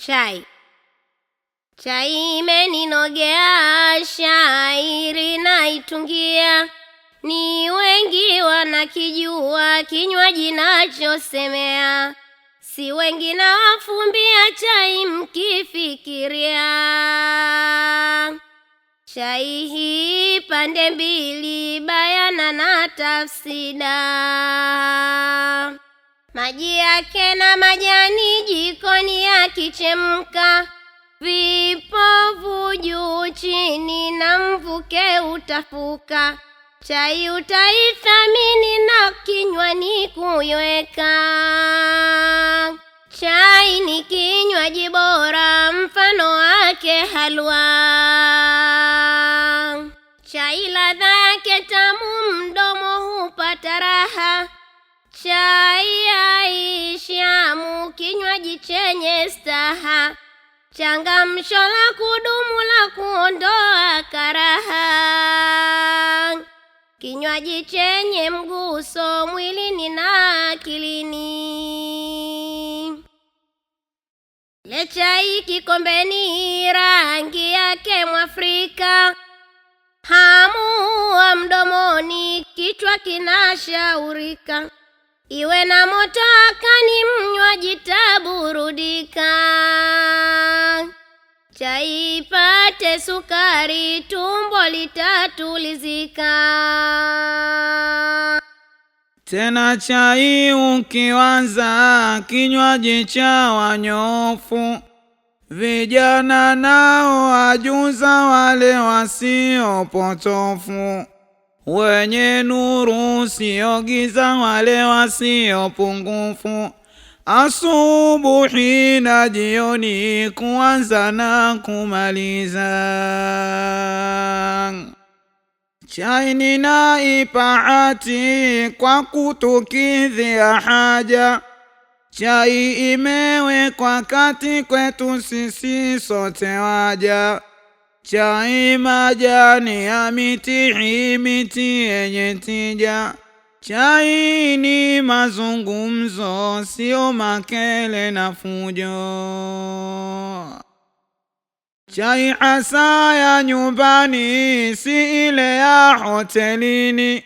Chai. Chai imeninogea, shairi naitungia, ni wengi wanakijua, kinywaji nachosemea, si wengi nawafumbia chai mkifikiria. Chai hii pande mbili, bayana na tafsida maji yake na majani jikoni yakichemka, vipovu juu chini na mvuke utafuka. Chai utaithamini na kinywani kuiweka. Chai ni kinywaji bora, mfano wake halwa. Chai ladha yake tamu, mdomo hupata raha kinywaji chenye staha, changamsho la kudumu la kuondoa karaha, kinywaji chenye mguso mwilini na akilini. Ile chai kikombeni, rangi yake Mwafrika, hamu wa mdomoni, kichwa kinashaurika iwe na moto akani, mnywaji taburudika, chai ipate sukari, tumbo litatulizika. Tena chai ukiwanza, kinywaji cha wanyofu, vijana nao wajuza, wale wasio potofu wenye nuru sio giza, wale wasio pungufu. Asubuhi na jioni, kuanza na kumaliza. Chai ninaipa hati, kwa kutukidhia haja. Chai imewekwa kati kwetu sisi sote waja chai majani ya miti hii miti yenye tija. Chai ni mazungumzo, sio makele na fujo. Chai hasa ya nyumbani, si ile ya hotelini.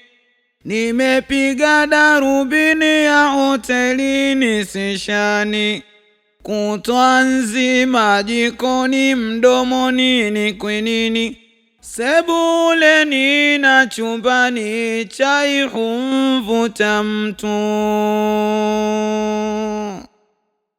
Nimepiga darubini ya hotelini sishani kutwa nzima jikoni, mdomoni, ni kwinini, sebuleni na chumbani, chai humvuta mtu.